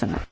Köszönöm.